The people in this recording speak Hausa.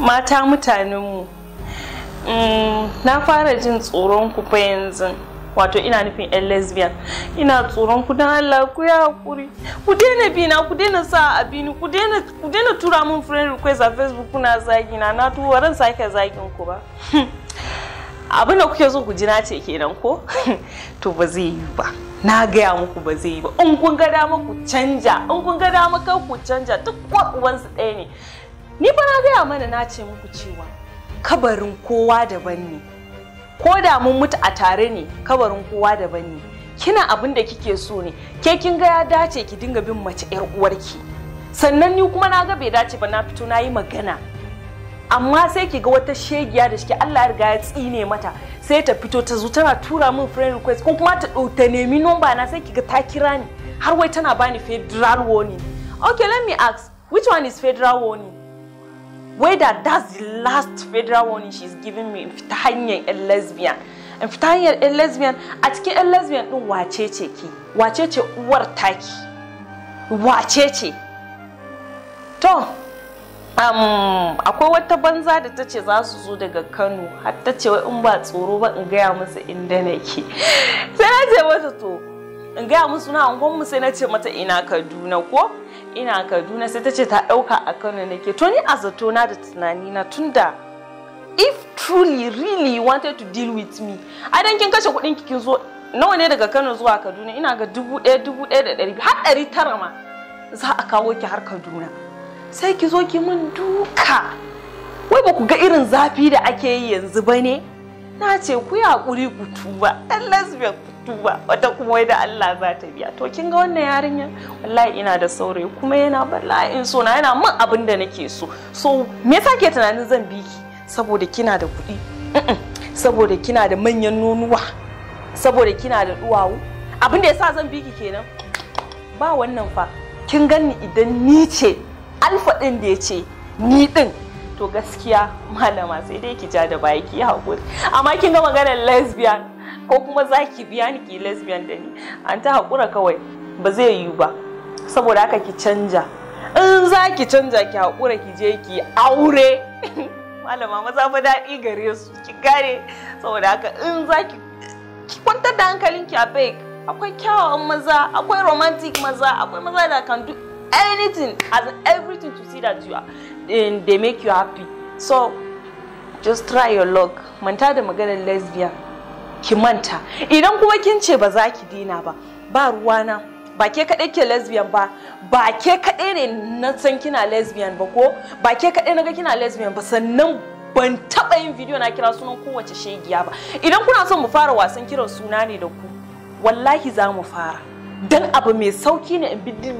mata mutanenmu mm, na fara jin tsoron ku fa yanzu wato ina nufin yan lesbian ina tsoron ku don Allah ku ya hakuri ku daina bi na ku daina sa a bini ku daina tura min friend request a facebook kuna zagi na na tuwa ran sake zagin ku ba abin da kuke so ku ji na ce kenan ko to ba zai yi ba na gaya muku ba zai yi ba in kun ga dama ku canja in kun ga dama kar ku canja duk uwansu ɗaya ne ni fa na gaya mana na ce muku cewa kabarin kowa daban ne ko da mun mutu a tare ne kabarin kowa daban ne kina abin da kike so ne ke kin ga ya dace ki dinga bin mace yar uwarki sannan ni kuma na ga bai dace ba na fito na yi magana amma sai ki ga wata shegiya da shike Allah ya riga ya tsine mata sai ta fito ta zo tana tura min friend request ko kuma ta ta nemi number na sai ki ga ta kira ni har wai tana bani federal warning okay let me ask which one is federal warning wai that's the last federal warning she's giving me in fita hanyar lesbian in fita hanyar yan lesbian a cikin yan lesbian ɗin wace ce ki wace ce uwar taki wace ce to um, akwai wata banza da ta ce za su zo daga kano har ta ce wai in ba tsoro ba in gaya musu inda nake sai na ce masa to in gaya musu na angon mu sai na ce mata ina kaduna ko ina kaduna sai ta ce ta ɗauka a kano nake to ni a zato na da tunani na tunda if truly really you wanted to deal with me a dan kin kashe kuɗin kin zo nawa ne daga kano zuwa kaduna ina ga dubu ɗaya dubu ɗaya da ɗari har ɗari tara ma za a kawo ki har kaduna sai ki zo ki min duka wai ba ku ga irin zafi da ake yi yanzu ba ne na ce ku yi haƙuri ku tuba ɗan lesbian duba wata kuma wai da Allah za ta biya to kin ga wannan yarinya wallahi ina da saurayi kuma yana bala'in so na yana min abin da nake so so me yasa ke tunanin zan bi ki saboda kina da kuɗi saboda kina da manyan nonuwa saboda kina da duwawu abin da yasa zan bi ki kenan ba wannan fa kin gani idan ni ce alfa din da yace ni din to gaskiya malama sai dai ki ja da baki hakuri amma kin ga maganar lesbian ko kuma za ki biya ni ki lesbian da ni an ta haƙura kawai ba zai yiwu ba saboda haka ki canja in za ki canja ki haƙura ki je ki aure malama maza fa daɗi gare su ki gane saboda haka in za ki kwantar da ki a beg akwai kyawawan maza akwai romantic maza akwai maza da kan do anything as everything to see that you are they make you happy so just try your luck manta da maganar lesbian ki manta idan kuma kin ce ba za ki dina ba ba ruwana ba ke kaɗai ke lesbian ba ba ke kaɗai ne na san kina lesbian ba ko ba ke kaɗai na ga kina lesbian ba sannan ban taɓa yin bidiyo na kira sunan kowace shegiya ba idan kuna son mu fara wasan kiran suna ne da ku wallahi za mu fara dan abu mai sauki ne in bi